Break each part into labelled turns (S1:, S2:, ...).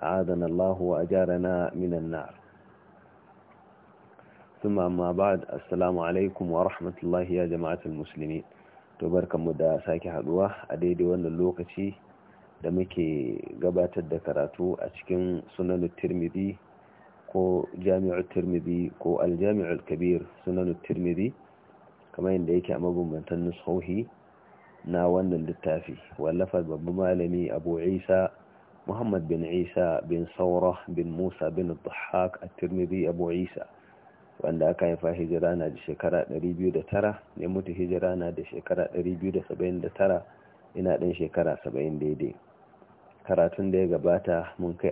S1: أعاذنا الله وأجارنا من النار ثم أما بعد السلام عليكم ورحمة الله يا جماعة المسلمين تبارك مدى ساكي حدوة daidai wannan lokaci da muke gabatar da karatu a cikin sunan tirmidhi ko jami'ul tirmidhi ko aljami'ul kabir sunan tirmidhi kamar yadda yake a mabambantan nusohi na wannan littafi wallafar babban malami abu محمد بن عيسى بن ثورة بن موسى بن الضحاك الترمذي أبو عيسى wanda aka haifa hijira na da shekara 209 ne mutu hijira na da shekara 279 ina ɗin shekara دي karatun da ya gabata mun kai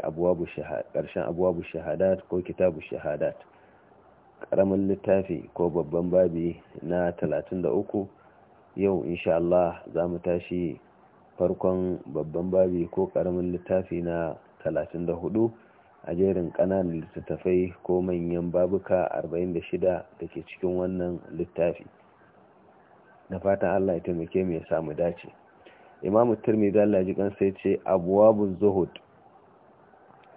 S1: ƙarshen abuwabu shahadat ko kitabu shahadat karamin littafi ko babban babi na 33 yau insha Allah za mu tashi farkon babban babi ko karamin littafi na 34 a jerin ƙananan littattafai ko manyan babuka 46 da ke cikin wannan littafi na fatan Allah ya taimake mu ya samu dace imamu tirmidhi Allah ji kansa ya ce abwabuz zuhud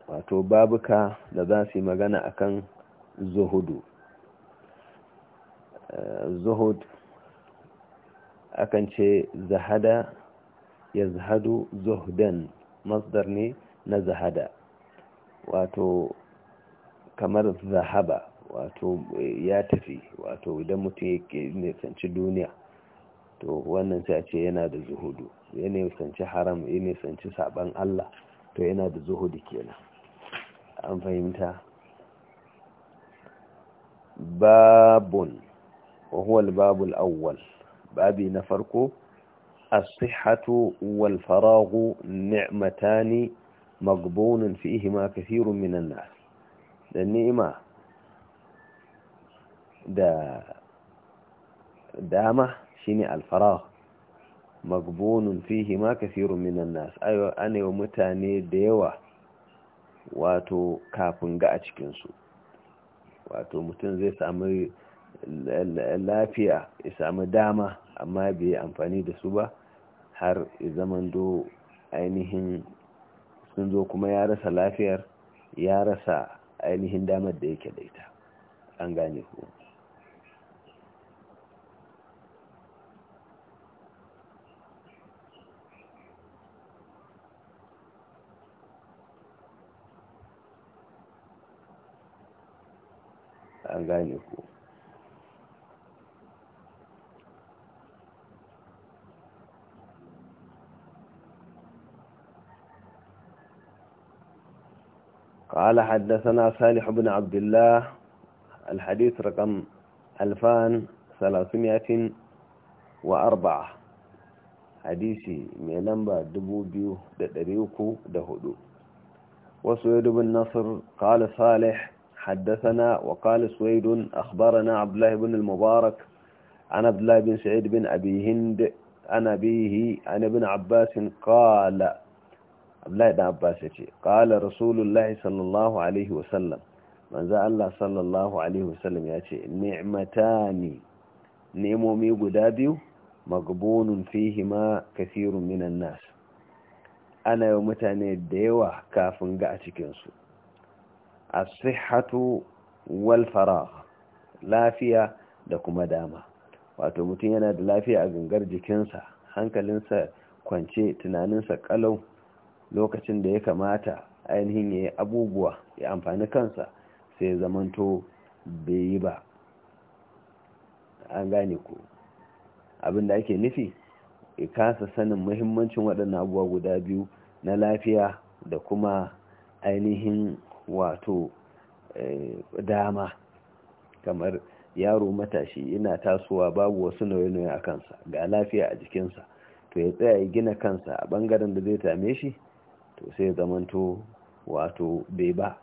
S1: wato babuka da za su yi magana akan zuhudu eh, zuhud akan ce zahada yazhadu zuhudan, masdar ne na zahada wato kamar zahaba wato eh, ya tafi wato idan mutum ya nisanci duniya to wannan sai yana da zuhudu ya nisanci haram ya nisanci saban Allah to yana da zuhudu kenan an fahimta babun wahuwal babul awwal babi na farko الصحة والفراغ نعمتان مقبون فيهما كثير من الناس النعمة دا دامة شيني الفراغ مقبون فيهما كثير من الناس أيوة أنا ومتاني ديوة واتو kafin ga a cikinsu wato mutum سامي sami lafiya ya sami dama amma bai amfani har zaman do ainihin sun zo kuma ya rasa lafiyar ya rasa ainihin damar da yake da ita an gane ku an gane ku قال حدثنا صالح بن عبد الله الحديث رقم ألفان ثلاثمائة وأربعة حديثي من نمبا دبو بيو دريوكو دهدو وسويد بن نصر قال صالح حدثنا وقال سويد أخبرنا عبد الله بن المبارك عن عبد الله بن سعيد بن أبي هند عن أبيه عن ابن عباس قال abdullahi da abbas ya ce ƙala rasulullahi sallallahu alaihi wasallam manzo allah sallallahu alaihi wasallam ya ce ni'matani nemomi guda biyu magbonun fihima kasirun minan nas ana yi mutane da yawa kafin ga a cikinsu asihatu wal faragh lafiya da kuma dama wato mutum yana da lafiya a gangar jikinsa hankalinsa kwance tunaninsa kalau lokacin da ya kamata ainihin ya yi abubuwa ya amfani kansa sai ya zamanto bai yi ba an gane ku abinda ake nufi ya kasa sanin muhimmancin waɗannan abubuwa guda biyu na lafiya da kuma ainihin wato eh, dama kamar yaro matashi yana tasowa babu wasu nauyi-nauyi a kansa ga lafiya a jikinsa to ya tsaya ya gina kansa a bangaren da zai tame shi to sai zamanto wato bai ba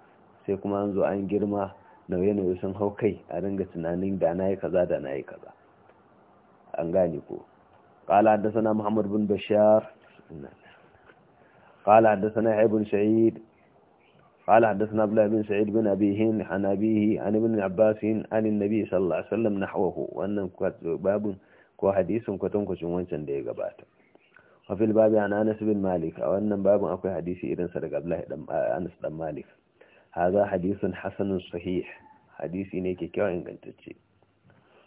S1: sai kuma an zo an girma nauye-nauye sun hau kai a ringa tunanin da na yi kaza da na yi kaza an gane ko ƙala sana muhammad bin bashar ƙala haddasa na haibun قال حدثنا عبد الله بن سعيد بن أبي هند عن أبيه عن ابن عباس عن النبي صلى الله عليه وسلم نحوه وأن باب كو حديث كتنكو شنوان وفي الباب عن أنس بن مالك أو أن باب أكو حديثي إذن صدق الله أنس بن مالك هذا حديث حسن صحيح حديثي نيكي كيو إنغنتجي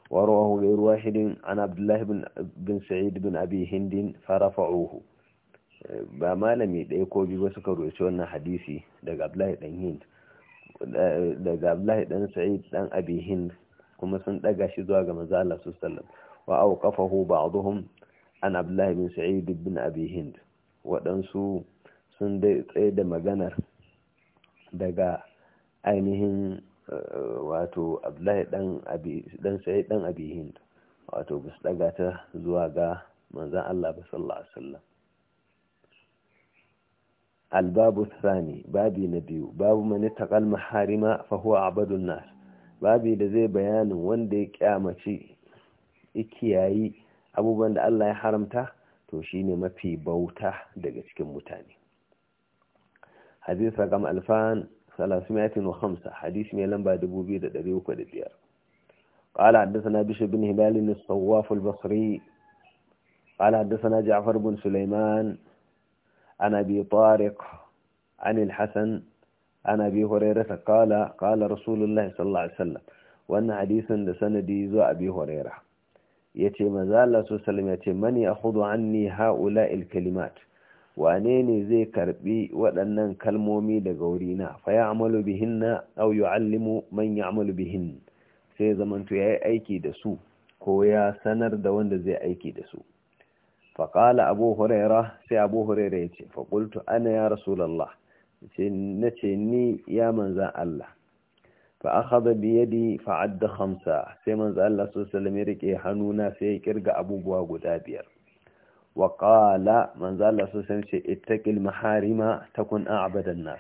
S1: ورواه غير واحد عن عبد الله بن, بن سعيد بن أبي هند فرفعوه ba malami ɗaya ko biyu suka roci wannan hadisi daga Abdullahi dan Hind eh, daga dan Sa'id dan Abi Hind kuma sun daga shi zuwa ga manzo Allah sallallahu alaihi wasallam wa awqafahu ba'dhum an abdullahi bin sa'id bin abi hind waɗansu sun dai tsaye da maganar daga ainihin wato abdullahi dan sa'id dan abi hind wato bis daga ta zuwa ga manzon Allah ba sallallahu alaihi wasallam albabu thani babi na biyu babu mani taqal maharima fa huwa abadun nas babi da zai bayanin wanda ya kyamaci ikiyayi abubuwan da Allah ya haramta to shi ne mafi bauta daga cikin mutane hadisa gama alfan salasimiyatin wa hadis mai lamba dubu biyu da ɗari uku da biyar ƙala haddasa bishe bin hibalin tsawafin basri ƙala haddasa na ja'afar bin suleiman ana bi tarik anil Hassan, ana bi horaira ta ƙala rasulullah sallallahu alaihi wannan hadisin da sanadi zuwa abi horaira ya ce maza Allah su ya ce mani a hudu anni ha'ula ilkalimat wane ne zai karbi waɗannan kalmomi daga wuri na ya amalu bihin na yu'allimu allimu manya amalu bihin sai zamantu ya yi aiki da su ko ya sanar da wanda zai aiki da su faƙala abu huraira sai abu huraira ya ce faƙultu ana ya rasulallah na ce ni ya manzan Allah فأخذ بيدي فعد خمسة سيمن زال الله صلى الله عليه وسلم يريك حنونا سيكرق أبو بواغو دابير وقال من زال الله صلى الله عليه وسلم اتك المحارمة تكون أعبد الناس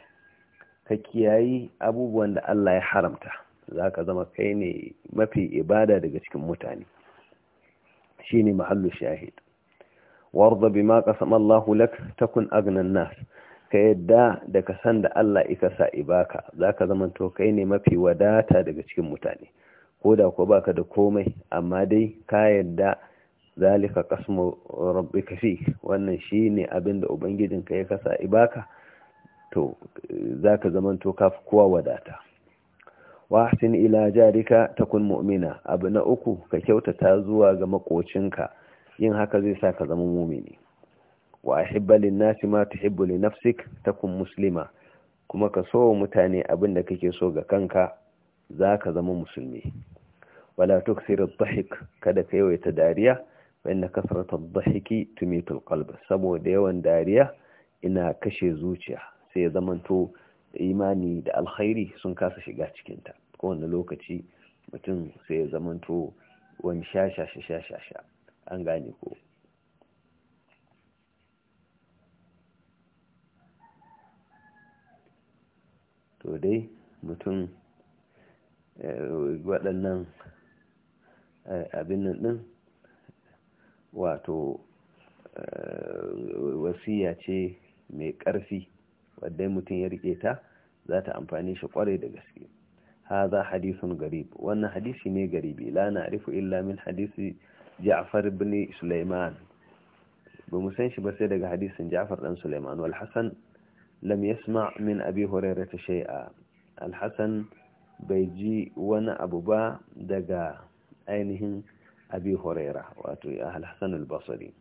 S1: فكياي أبو بوان الله يحرمته ذاك زما كيني ما في إبادة دقشك متاني شيني محل الشاهد وارض بما قسم الله لك تكون أغنى الناس ka yadda da ka san da Allah ika sa ibaka za ka zama to kai ne mafi wadata daga cikin mutane ko da ko baka da komai amma dai ka yadda zalika qasmu rabbika fi wannan shine abin da ka ya kasa ibaka to za ka zama to ka fi kowa wadata wa sun ila jarika takun mu'mina abu na uku ka kyautata zuwa ga makocinka yin haka zai sa ka zama mumini wa ahibba linnasi ma tuhibbu li nafsik takun muslima kuma ka so mutane abin da kake so ga kanka zaka zama musulmi wala tuksir ad-dhahik kada ka yawaita dariya fa inna kasrat ad-dhahiki tumitu al saboda yawan dariya ina kashe zuciya sai ya zamanto imani da alkhairi sun kasa shiga cikin ta kowane lokaci mutum sai ya zamanto wani shashashashasha an gane ko to dai mutum eh, waɗannan eh, abin ɗin wato eh, wasiya ce mai ƙarfi wadda mutum ya riƙe ta za ta amfani shi ƙwarai da gaske haza hadisun garib wannan hadisi ne garibi la na arifu illa min hadisi ja'far bin Suleiman? ba mu san shi ba sai daga hadisin ja'far ɗan sulaiman wal lam yasma min abi hurairah ta shay'a alhassan bai ji wani abu ba daga ainihin abi hurairah wato alhassan albasri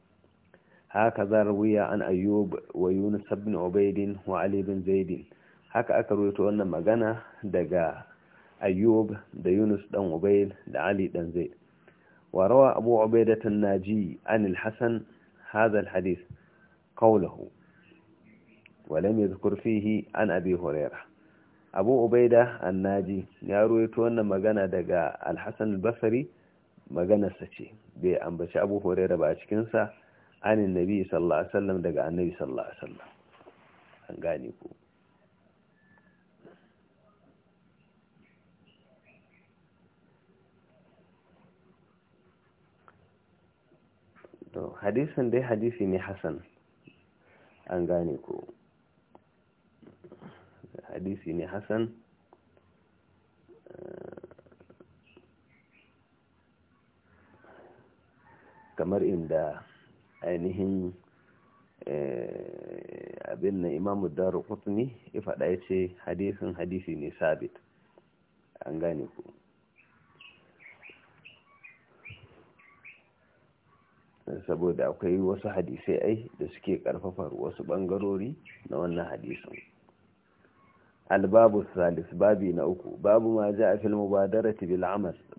S1: هكذا روي عن أيوب ويونس بن عبيد وعلي بن زيد haka aka ruwaito wannan magana daga ayyub da yunus dan ubayl da ali dan zaid wa rawa abu na ji al-hasan hadha al walam yadhkur fihi an abi hurairah abu ubaida annaji ya ruwaito wannan magana daga al-hasan al-basri maganarsa ce bai ambaci abu hurairah ba a cikin sa anin nabi sallallahu alaihi wasallam daga annabi sallallahu alaihi wasallam an gane ku to hadisin dai hadisi ne hasan an gane ku hadisi ne hasan kamar inda ainihin eh, abin na imamu daru kutni ifa ɗaya ce hadisin hadisi ne sabit an gane ku saboda akwai wasu hadisai ai da suke karfafar wasu bangarori na wannan hadisin albabu salis babi na uku babu ma ja a fil mubadarati bil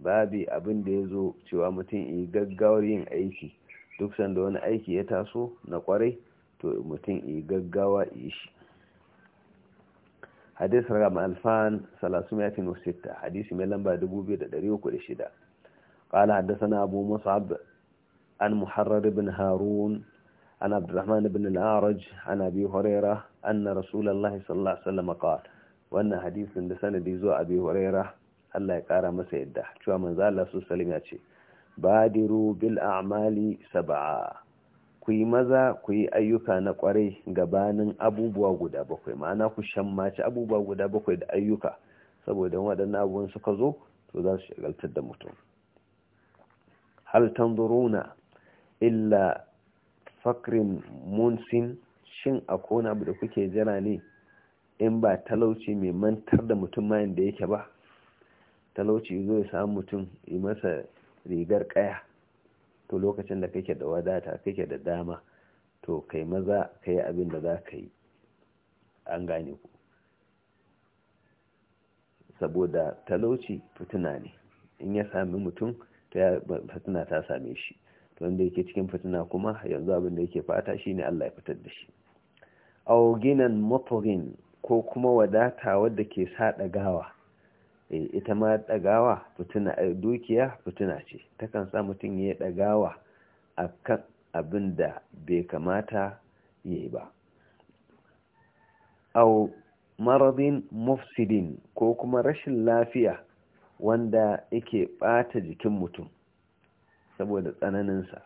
S1: babi abin da zo cewa mutum yi gaggawar yin aiki duk sanda wani aiki ya taso na kwarai to mutum yi gaggawa yi shi hadis ragam alfan 306 hadisi mai lamba 2306 qala haddathana abu mus'ab an muharrar ibn harun an عبد الرحمن بن an عن horera an na rasulallah sallallahu alaihi الله عليه wannan hadisin da sanadi zuwa abi huraira Allah ya kara masa yadda cewa manzo Allah su salim ya ce badiru bil a'mali sab'a ku yi maza ku yi ayyuka na kwarai gabanin abubuwa guda bakwai ma'ana ku shammaci abubuwa guda bakwai da ayyuka saboda waɗannan abubuwan suka zo to za su shagaltar da mutum hal tanzuruna illa fakrin munsin shin akona abu da kuke jira ne in ba talauci mai mantar da mutum mayan da yake ba talauci zo ya samu mutum yi masa rigar kaya to lokacin da kake da wadata kake da dama to kai maza ka yi abin da za ka yi an gane ku saboda talauci fituna ne in ya sami mutum fitina ta same shi to wanda yake cikin fitina kuma yanzu abin da yake fata shine Allah ya fitar da shi auginan mutugin ko kuma wadata wadda ke sa ɗagawa eh, ita ma ɗagawa fitina eh, dukiya fitina ce takan sa mutum ya yi ɗagawa a kan abin da bai kamata ya yi ba au maradin mufsidin ko kuma rashin lafiya wanda yake ɓata jikin mutum saboda tsananinsa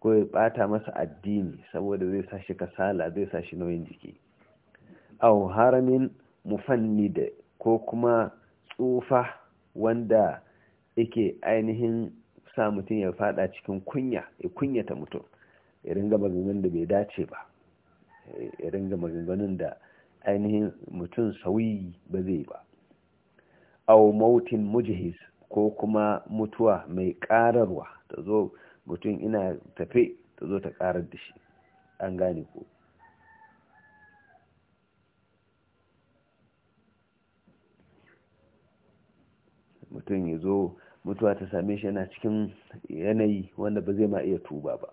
S1: ko ya ɓata masa addini saboda zai sa shi kasala zai sa shi nauyin jiki au haramin mufannid ko kuma tsufa wanda yake ainihin sa mutum ya fada cikin kunya ya kunyata mutum irin ringa maganganun da bai dace ba irin ringa maganganun da ainihin mutum sauyi ba zai ba au mautin mujihis ko kuma mutuwa mai ƙararwa ta zo mutum ina tafe ta zo ta karar da shi an gane ko mutum ya zo mutuwa ta same shi yana cikin yanayi wanda ba zai ma iya tuba ba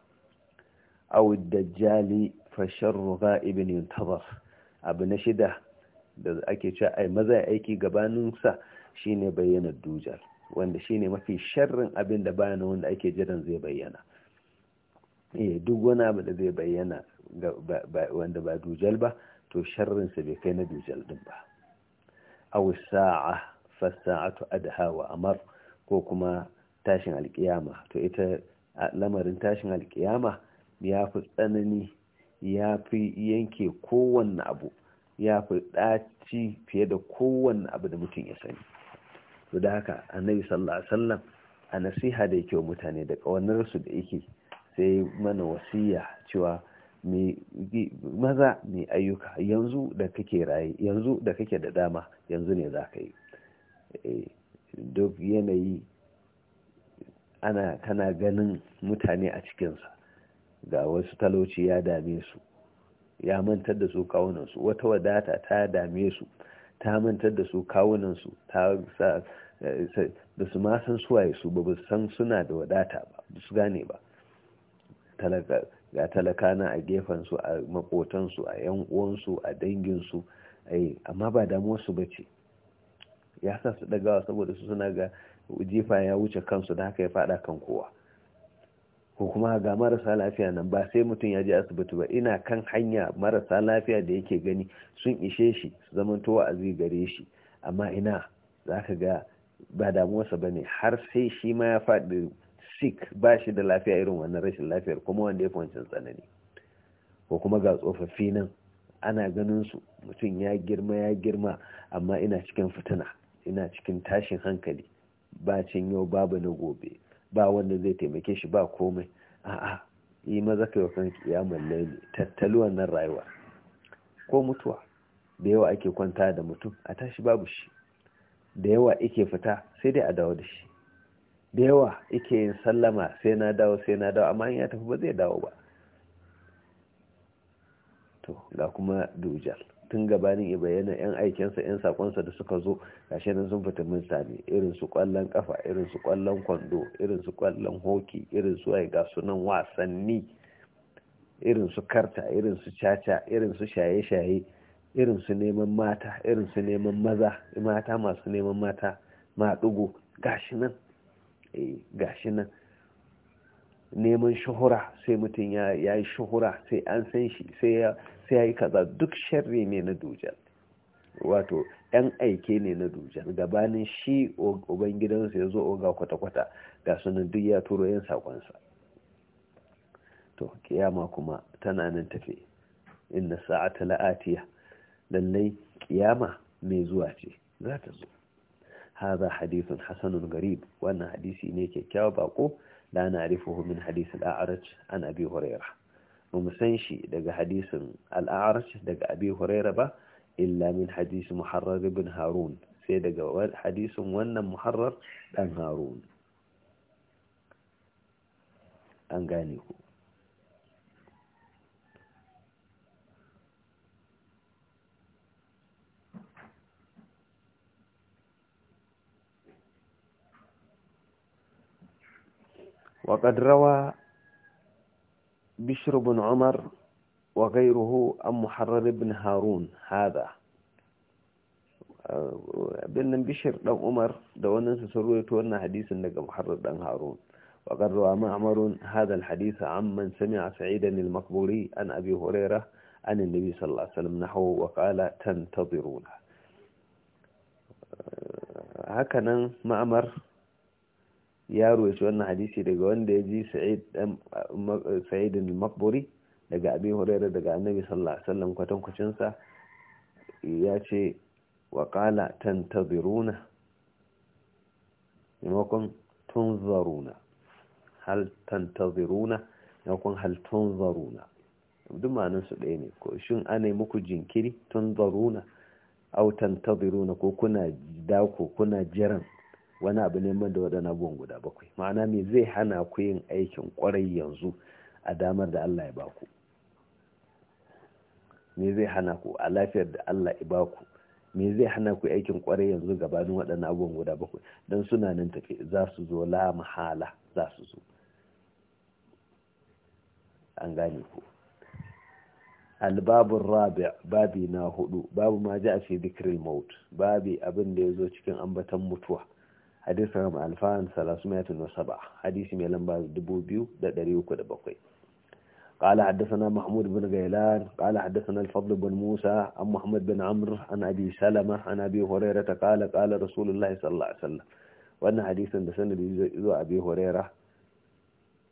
S1: awu dajjali fashar ruga ibn yuntabar abu na shida da ake cewa ai maza ya aiki gabaninsa shine bayyana dujal wanda shine mafi sharrin abin da bayanin wanda ake jiran zai bayyana eh duk wani abu da zai bayyana wanda ba dujal ba to sharrinsa bai kai na dujal din ba awu sa'a fassa'atu adha wa amar ko kuma tashin alkiyama to ita lamarin tashin alkiyama ya fi tsanani ya fi yanke kowanne abu ya fi ɗaci fiye da kowanne abu da mutum ya sani to da haka annabi sallallahu alaihi wasallam a nasiha da yake wa mutane da rasu da yake sai mana wasiya cewa maza mai ayyuka yanzu da kake raye yanzu da kake da dama yanzu ne za ka yi Eh, duk yanayi ana kana ganin mutane a cikinsa ga wasu talauci ya dame su ya mantar da su kawunansu wata wadata ta dame su ta mantar da su kawunansu ta da eh, su ma san suwaye su ba san suna da wadata ba su gane ba ga talakana a gefensu a makotansu a yan uwansu a danginsu eh, amma ba damuwarsu ba ce ya sa su ɗagawa saboda su suna ga jifa ya wuce kansu da haka ya faɗa kan kowa ko kuma ga marasa lafiya nan ba sai mutum ya je asibiti ba ina kan hanya marasa lafiya da yake gani sun ishe shi su towa a gare shi amma ina za ka ga ba damuwarsa ba ne har sai shi ma ya faɗi sik ba shi da lafiya irin wannan rashin lafiyar kuma wanda ya fi wancan tsanani ko kuma ga tsofaffi nan ana ganin su mutum ya girma ya girma amma ina cikin fitina ina cikin tashin hankali ba cin yau babu na gobe ba wanda zai taimake shi ba komai a'a yi maza kai wa ya malle ne tattaluwan nan rayuwa ko mutuwa da yawa ake kwanta da mutum a tashi babu shi da yawa ake fita sai dai a dawo da shi da yawa ake yin sallama sai na dawo sai na dawo amma an ya tafi ba zai dawo ba to ga kuma dujal tun gabanin ya bayyana 'yan aikinsa, 'yan sakonsa da suka zo gashi nan sun fita mun sami irin su kwallon kafa irin su kwallon kwando irin su kwallon hoki irin su ai ga sunan wasanni irin su karta irin su caca irin su shaye-shaye irin su neman mata irin su neman maza mata masu neman mata ma dugo gashi nan eh gashi nan neman shuhura sai mutum ya yi shuhura sai an san shi sai sai ya yi kaza duk sharri ne na dujan wato yan aike ne na dujan gabanin shi ubangidansa ya zo oga kwata-kwata ga sunan duk ya turo yin sakonsa to kiyama kuma tana nan tafe inna sa'ata la'atiya lallai kiyama mai zuwa ce za ta zo هذا حديث حسن غريب ne حديثي نيكي كاو باقو لا نعرفه من حديث الأعرج عن أبي هريرة ba mu san shi daga hadisin al'arash daga abi huraira ba illa min hadisi muharrar ibn harun sai daga hadisin wannan muharrar dan harun an gane ku وقد روى بشر بن عمر وغيره أم محرر بن هارون هذا بن بشر لو عمر لو ننسى سروا يتولنا حديث أنك محرر بن هارون وقد روى معمر هذا الحديث عن من سمع سعيدا المقبولي عن أبي هريرة عن النبي صلى الله عليه وسلم نحوه وقال تنتظرون هكذا معمر ya ruwaci wannan hadisi daga wanda ya ji sa'idin makburi daga abin hurairu daga annabi sallallahu alaihi wasallam kwatankwacinsa ya ce wa kala tantaziruna maimakon tunzaruna hal tantaziruna maimakon hal tunzaruna duk ma'anin su ɗaya ne ko shin ana muku jinkiri tunzaruna au tantaziruna ko kuna dako kuna jiran wani abu neman da waɗannan abubuwan guda bakwai ma'ana me zai hana ku yin aikin kwarai yanzu a damar da Allah ya baku me zai hana ku a lafiyar da Allah ya baku me zai hana ku aikin kwarai yanzu gabanin waɗannan abubuwan guda bakwai don suna nan tafi za su zo la mahala za su zo an gane ku albabun rabi babi na hudu babu ma ji a fi dikirin maut babi abin da ya zo cikin ambatan mutuwa hadisi ram alfan saba hadisi mai lamba 2307 قال حدثنا محمود بن غيلان قال حدثنا الفضل بن موسى عن محمد بن عمرو عن أبي سلمة عن أبي هريرة قال قال رسول الله صلى الله عليه وسلم وأن حديثا بسند a أبي هريرة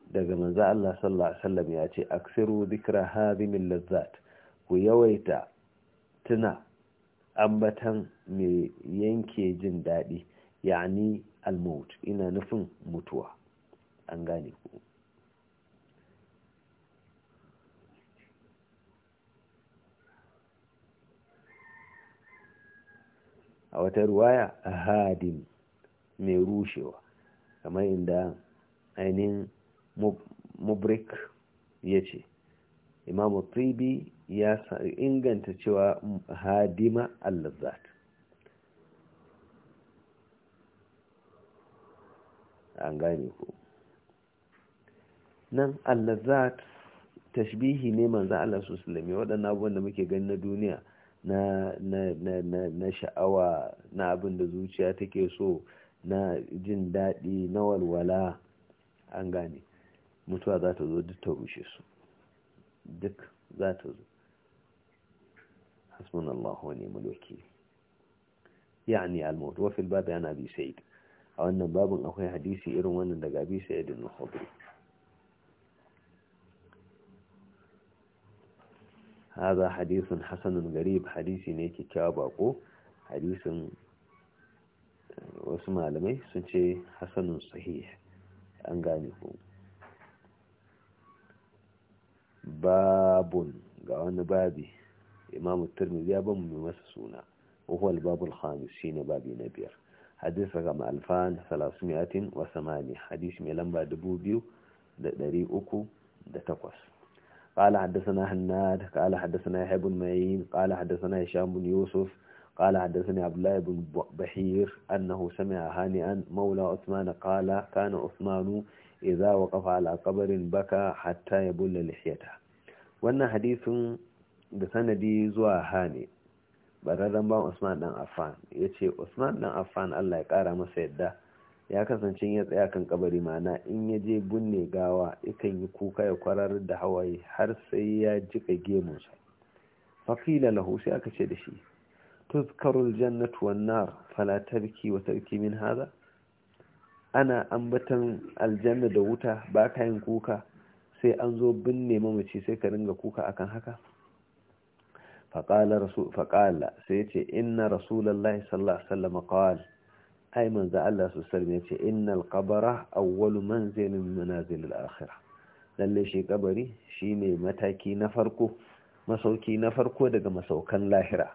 S1: daga manzo Allah sallallahu alaihi wasallam ya ce aksiru dhikra min lazzat ku yawaita tuna ambatan mai yanke jin daɗi. yani almut ina nufin mutuwa an gane ku a wata ruwaya hadin mai rushewa kamar inda ainihin mubrik ya ce imamu tribi ya inganta cewa hadima allazat an gane ku nan allazat tashbihi ne manzo Allah su sulami waɗannan abubuwan da muke gani na duniya na na na na na sha'awa na abin da zuciya take so na jin daɗi na walwala an gane mutuwa za ta zo duk ta rushe su duk za ta zo hasbunallahu wa ni'mal wakeel يعني wa fil bab عن bi sayyid a wannan babin akwai hadisi irin wannan daga bisa sa'id al-khudri haza حديث hasanun garib hadisi ne kikkiawa bako hadisin eh, wasu malamai sun ce hasanun sahih an gane ku babun ga wani babi imamu turmi ya ban mu masa suna wahal babul khamis shine babi na biyar hadis ragam alfan salasumiyatin wa samani hadis mai lamba dubu biyu da dari da takwas ƙala haddasa na hannad ƙala haddasa na haibun mai ƙala na shamun yusuf ƙala haddasa na abu laibun bahir an na hosa mai an maula usmanu ƙala kana usmanu e kafa wa al'akabarin baka hatta ya bulla lafiyata wannan hadisin da sanadi zuwa hane bararren ban usman dan affan ya ce usman dan affan allah ya kara masa yadda ya kasance ya tsaya kan kabari mana in ya je binne gawa ikan yi kuka ya kwarar da hawaye har sai ya jika gemunsa faƙila lahu sai aka ce da shi tuzkarul jannatu wan nar fala tarki wa tarki min ana ambatan aljanna da wuta ba ka yin kuka sai an zo binne mamaci sai ka ringa kuka akan haka faƙala rasu sai ce inna rasulallahi sallallahu alaihi wasallam qala ai manzo Allah su ya ce innal qabara awwalu manzilin manazilil akhira lalle shi kabari shine mataki na farko masauki na farko daga masaukan lahira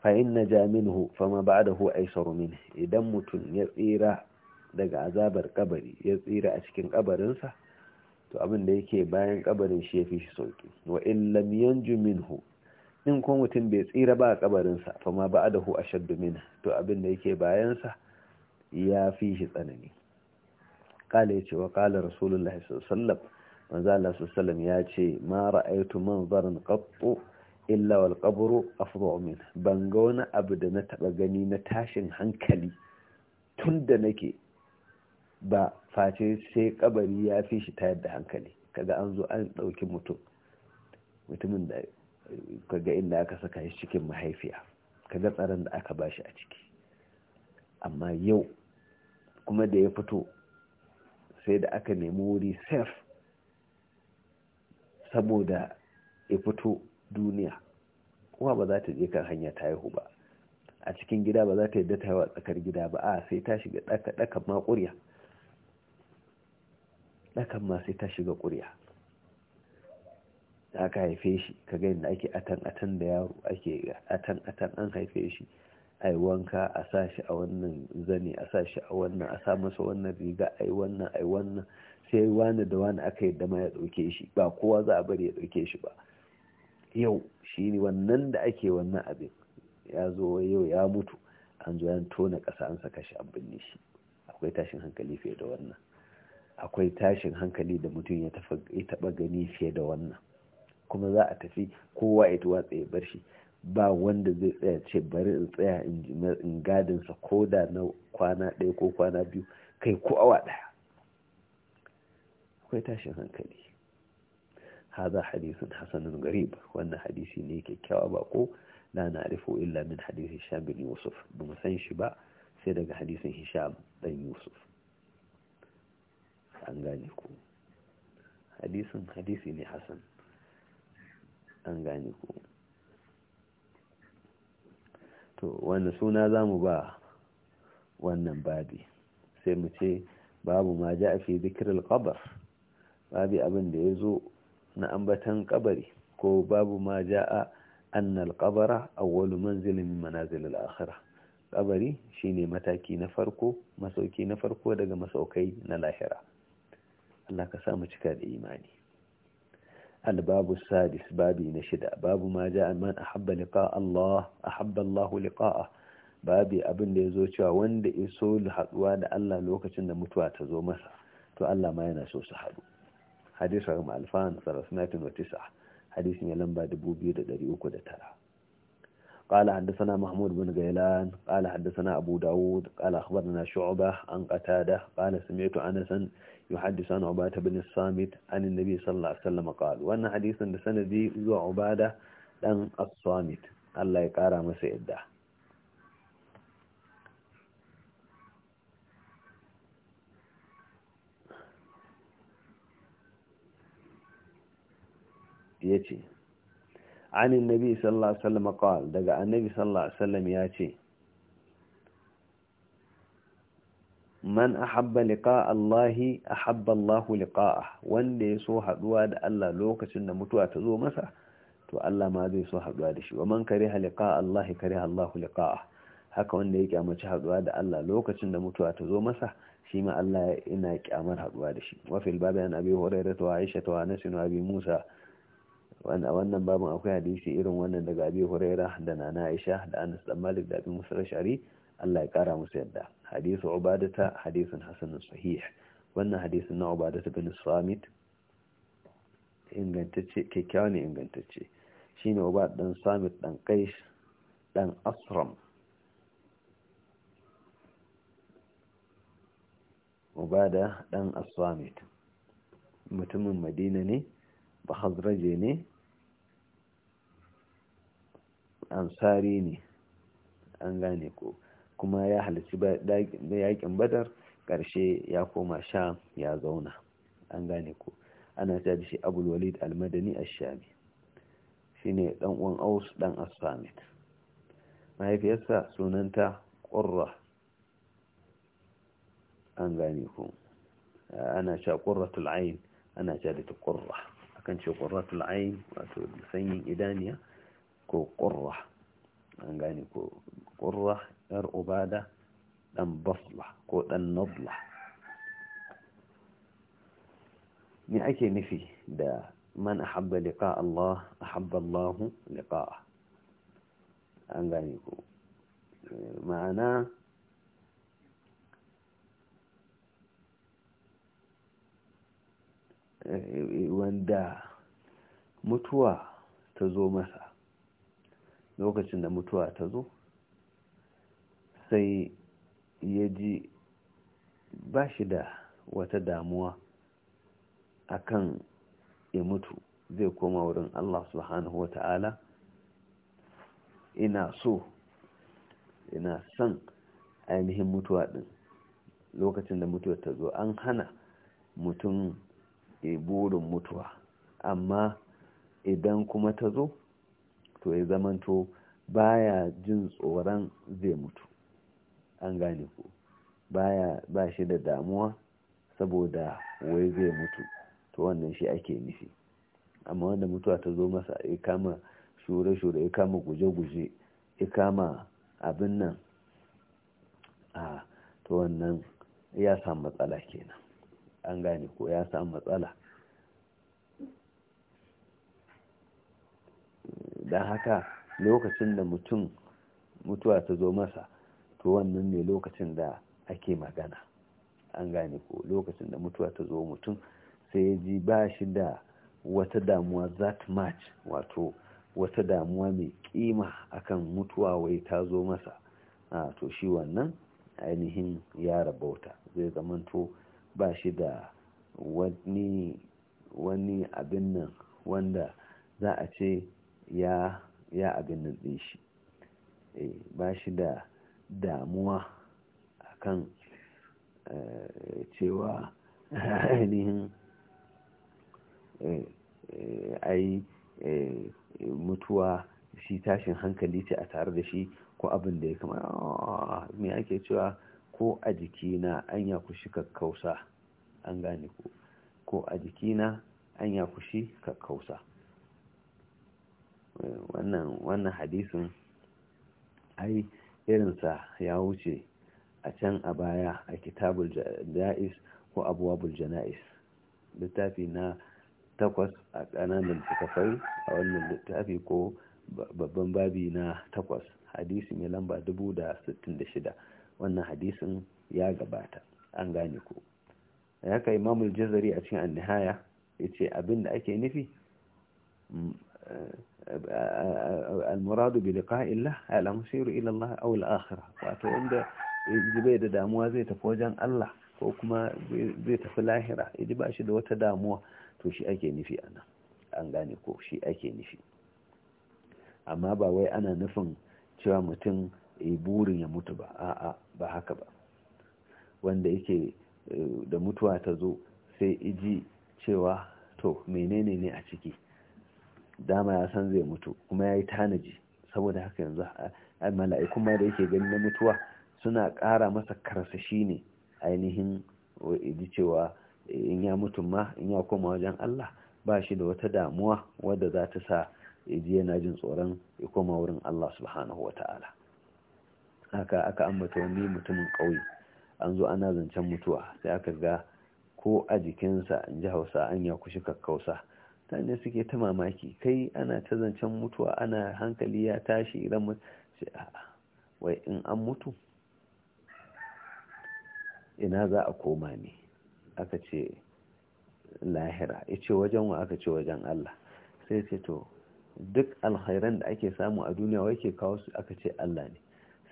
S1: fa inna jaminhu fama ba'dahu aysaru min idan mutun ya tsira daga azabar kabari ya tsira a cikin ƙabarinsa, to abin da yake bayan kabarin shi yafi shi sauki wa in lam yanju minhu in ko mutum bai tsira ba a kabarinsa fa ma ba adahu shan min to abin da yake bayansa ya fi shi tsanani kala ce wa kala rasulullahi sallallahu manzo Allah sallam ya ce ma ra'aytu manzaran qattu illa wal qabru afdhu min ban ga wani abu da na taba gani na tashin hankali tunda nake ba face sai kabari ya fi shi tayar da hankali kaga an zo an dauki mutum mutumin da Ka ga inda aka saka shi cikin mahaifiya ka ga tsaron da aka bashi a ciki amma yau kuma da ya fito sai da aka nemi wuri sef saboda ya fito duniya kuma ba za ta je kan hanya ta haihu ba a cikin gida ba za ta yadda ta wa tsakar gida ba a sai ta shiga ɗakan ma ƙuriya ɗakan ma sai ta shiga ƙuriya da aka haife shi kaga yadda ake atan atan da yaro ake atan atan an haife shi a yi wanka a sa shi a wannan zane a sa shi a wannan a sa masa wannan riga a yi wannan a yi wannan sai wani da wani aka yadda ma ya ɗauke shi ba kowa za a bari ya ɗauke shi ba yau shi ne wannan da ake wannan abin ya zo yau ya mutu an zo yan tona ƙasa an saka shi abin binne shi akwai tashin hankali fiye da wannan akwai tashin hankali da mutum ya taɓa gani fiye da wannan kuma za a tafi kowa ya tuwa ya bar shi ba wanda zai tsaya ce bari in tsaya in gadinsa ko da na kwana ɗaya ko kwana biyu kai ko awa ɗaya akwai tashin hankali haza hadisin hasanun garib wannan hadisi ne kyakkyawa ko la na arifu illa min hadisi hisham yusuf ba mu san shi ba sai daga hadisin hisham dan yusuf an gane ku hadisin hadisi ne hasan an gane ku to wanda suna za mu ba wannan babi sai mu ce babu ma ja a fi zikirar kabar babi abin da ya zo na ambatan kabari ko babu ma ja a annal kabara a wani manzilin manazilin akhira kabari shine mataki na farko masauki na farko daga masaukai na lahira Allah ka sa mu cika da imani الباب babu بابي نشد باب ما جاء من أحب لقاء الله أحب الله لقاءه babi abin da ya zo cewa wanda ya so haɗuwa da Allah lokacin da mutuwa ta zo masa to Allah ma yana so su haɗu hadis rahim alfan sarasnatin wa tisa hadisin ya lamba 2309 قال حدثنا محمود بن غيلان قال حدثنا أبو داود قال أخبرنا شعبة عن قتادة قال سمعت أنسا yuhaddis an ubata bin samit an annabi sallallahu alaihi wasallam wannan hadisin da sanadi zuwa ubada dan as-samit Allah ya kara masa yadda yace an annabi sallallahu alaihi wasallam daga annabi sallallahu alaihi wasallam man ahabba liqa Allahi ahabba Allahu liqa'ah wanda ya so haduwa da Allah lokacin da mutuwa ta zo masa to Allah ma zai so haduwa da shi wa man kariha liqa Allahi kariha Allahu liqa'ah haka wanda ya kyamaci haduwa da Allah lokacin da mutuwa ta zo masa shi ma Allah yana kyamar haduwa da shi wa fil babi an abi hurayra wa aisha wa anas wa abi musa wannan babin akwai hadisi irin wannan daga abi hurayra da nana aisha da anas da malik da abi musa shari Allah ya kara musu yadda hadisu ubadata hadisun hasanun sahih wannan hadisun na ubadata bin samit ingantacce kyakkyawa ne ingantacce shine ubad dan samit dan ƙa'ish dan asram ubada ɗan asramit mutumin madina ne ba hazraje ne ansari ne an gane ko kuma ya halarci yakin badar ƙarshe ya koma sham ya zauna an gane ku ana ta da shi abul walid al-madani ash-shami shine dan uwan aus dan as-samit mahaifiyarsa sunanta qurra an gane ku ana cewa qurratul ayn ana cewa da qurra akan ce qurratul ayn wato sanyin idaniya ko qurra an gane ku. ƙurra ‘yar ubada ɗan basla ko ɗan nabla ne ake nufi da man ahabba liqa Allah ahabba Allah liƙa an gane ku ma'ana eh, wanda mutuwa ta zo masa lokacin da mutuwa ta zo sai ya ji ba shi da wata damuwa akan ya mutu zai koma wurin Allah subhanahu wa ta'ala ina so ina son ainihin mutuwa ɗin lokacin da mutuwa ta zo an hana mutum ya burin mutuwa amma idan kuma ta zo to ya zamanto baya jin tsoron zai mutu an gane ku. baya ba shi da damuwa saboda wai zai mutu to wannan shi ake nufi amma wanda mutuwa ta zo masa ya kama shure-shure ya kama guje-guje ya kama abin nan a to wannan ya samu matsala kenan an gane ko ya samu matsala don haka lokacin da mutum mutuwa ta zo masa to wannan ne lokacin da ake magana an gane ko lokacin da mutuwa ta zo mutum sai ya ji ba shi da wata damuwa that much wato wata damuwa mai kima akan mutuwa wai ta zo masa a to shi wannan ainihin ya rabauta zai zamanto ba shi da wani wani abin nan wanda za a ce ya abin nan din shi eh, ba shi da damuwa akan eh, cewa ainihin eh, eh, ai mutuwa shi tashin hankali ce a tare da shi ko abin da ya kama ah, me ake cewa ko a jikina an ya kushi kakkausa an gane ko ko a jikina an ya kushi kakkausa wannan wannan hadisin ai irinsa ya wuce a can a baya a kitabul ja'is ko abuwabul jana'is littafi na takwas a kananan littattafai a wannan littafi ko babban babi na takwas hadisi mai lamba shida wannan hadisin ya gabata an gane ko ya kai imamul jazari a cikin annihaya ya ce abinda ake nufi almuradu bi liqa'illah al-musiru ila Allah aw al wato inda bai da damuwa zai tafi wajen Allah ko kuma zai tafi lahira idan ba shi da wata damuwa to shi ake nufi ana an gane ko shi ake nufi amma ba wai ana nufin cewa mutum yi burin ya mutu ba a'a ba haka ba wanda yake da mutuwa ta zo sai iji cewa to menene ne a ciki dama ya san zai mutu kuma ya yi tanaji saboda haka yanzu mala'ikun ma da yake gani na mutuwa suna ƙara masa karsashi ne ainihin ji cewa eh, in ya mutu ma in ya koma wajen Allah ba shi da wata damuwa wadda za ta sa ji yana jin tsoron ya koma wurin Allah subhanahu wa ta'ala haka aka ambata wani mutumin ƙauye an zo ana zancen mutuwa sai aka ga ko a jikinsa in ji hausa an ya kushi kakkausa mutane suke ta mamaki kai ana ta zancen mutuwa ana hankali ya tashi idan wai in an mutu ina za a koma ne aka ce lahira ice wajen wa aka ce wajen Allah sai ce to duk alkhairan da ake samu a duniya wai ke kawo su aka ce Allah ne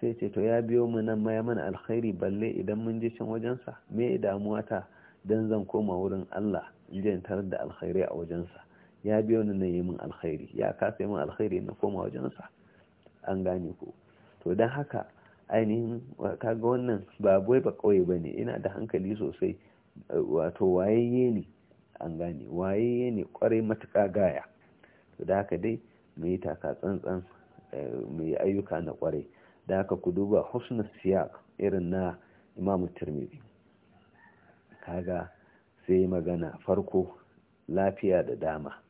S1: sai ce to ya biyo mu nan ma mana alkhairi balle idan mun je can wajensa me damuwa ta dan zan koma wurin Allah in je tarar da alkhairi a wajensa ya biyo ni na yi min alkhairi ya kasa yi min alkhairi na koma wajensa an gane ku. to don haka ainihin kaga wannan ba bai ba kawai ba ne ina da hankali sosai wato wayayye ne an gane wayayye ne kwarai matuƙa gaya to da haka dai mu yi taka tsantsan eh, mu ayyuka na kwarai da haka ku duba husnul siyaq irin na imamu tirmidhi kaga sai magana farko lafiya da dama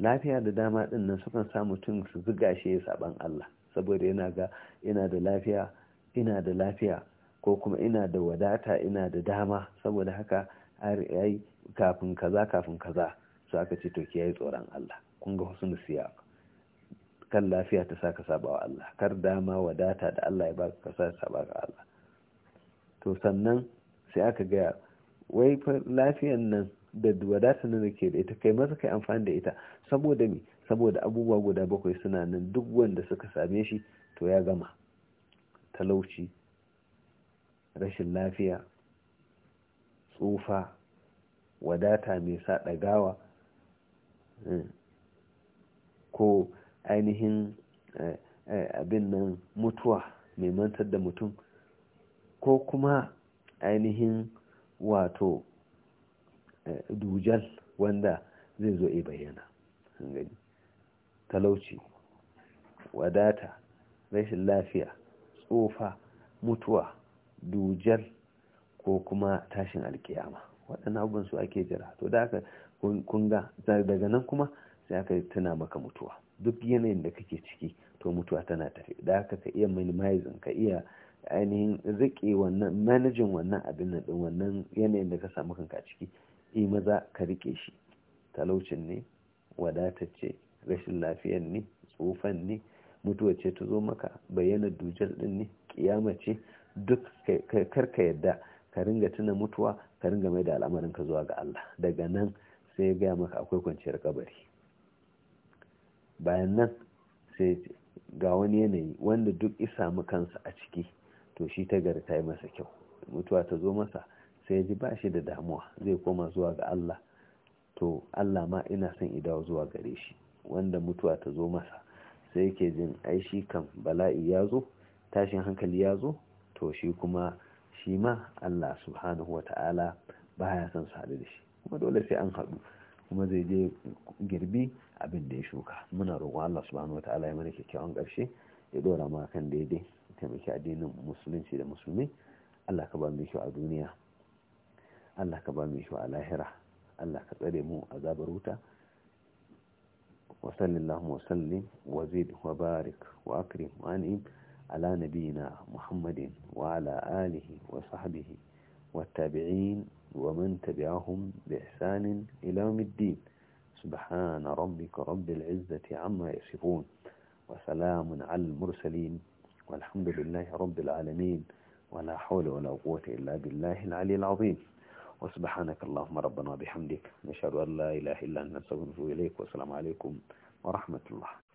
S1: lafiya da dama din nan sukan sa mutum su zuga shi ya saban Allah saboda yana ga ina da lafiya ina da lafiya ko kuma ina da wadata ina da dama saboda haka ai kafin kaza kafin kaza su aka ce to kiyaye tsoron Allah kun ga husnul siyaq kan lafiya ta saka sabawa Allah kar dama wadata da Allah ya baka ka saka saba ga Allah to sannan sai aka gaya wai lafiyan nan da wadatar da ke da ita kai maza kai amfani da ita saboda me saboda abubuwa guda bakwai suna nan duk wanda suka same shi to ya gama talauci rashin lafiya tsufa wadata mai sa ɗagawa eh, ko ainihin eh, eh, abin nan mutuwa mai mantar da mutum ko kuma ainihin wato Eh, dujal wanda zai zo ya bayyana gani talauci wadata rashin lafiya tsofa mutuwa dujal ko kuma tashin alkiyama waɗannan abin su ake jira to da aka kunga daga nan kuma sai aka tuna maka mutuwa duk yanayin da kake ciki to mutuwa tana tafi da aka ka iya minimizing ka iya ainihin rike wannan manajin wannan abin nan din wannan yanayin da ka samu kanka ciki yi eh, maza ka rike shi talaucin ne wadatacce rashin lafiyan ne tsofan ne mutuwace ce ta zo maka bayyana dujal din ne kiyama ce duk karka yadda ka ringa tuna mutuwa ka ringa mai da al'amarin ka zuwa ga Allah daga nan sai ya gaya maka akwai kwanciyar kabari bayan nan sai ga wani yanayi wanda duk isa mu kansa a ciki to shi ta gari ta yi masa kyau mutuwa ta zo masa sai ya ji ba shi da damuwa zai koma zuwa ga Allah to Allah ma ina son idawa zuwa gare shi wanda mutuwa ta zo masa sai yake jin aishi kan bala'i ya zo tashin hankali ya zo to shi kuma shi ma Allah subhanahu wa ta'ala ba ya son su haɗu da shi kuma dole sai an haɗu kuma zai je girbi abin da ya shuka muna roƙon Allah subhanahu wa ta'ala ya mana kyakkyawan ƙarshe ya ɗora ma kan daidai taimaki addinin musulunci da musulmi Allah ka ba mu kyau a duniya الله كباميشو على هرة الله كبرمو أذاب روتا وصل الله وسلم وزيد وبارك وأكرم وأنيم على نبينا محمد وعلى آله وصحبه والتابعين ومن تبعهم بإحسان إلى يوم الدين سبحان ربك رب العزة عما يصفون وسلام على المرسلين والحمد لله رب العالمين ولا حول ولا قوة إلا بالله العلي العظيم وسبحانك اللهم ربنا وبحمدك نشهد أن لا إله إلا أنت نستغفرك إليك والسلام عليكم ورحمة الله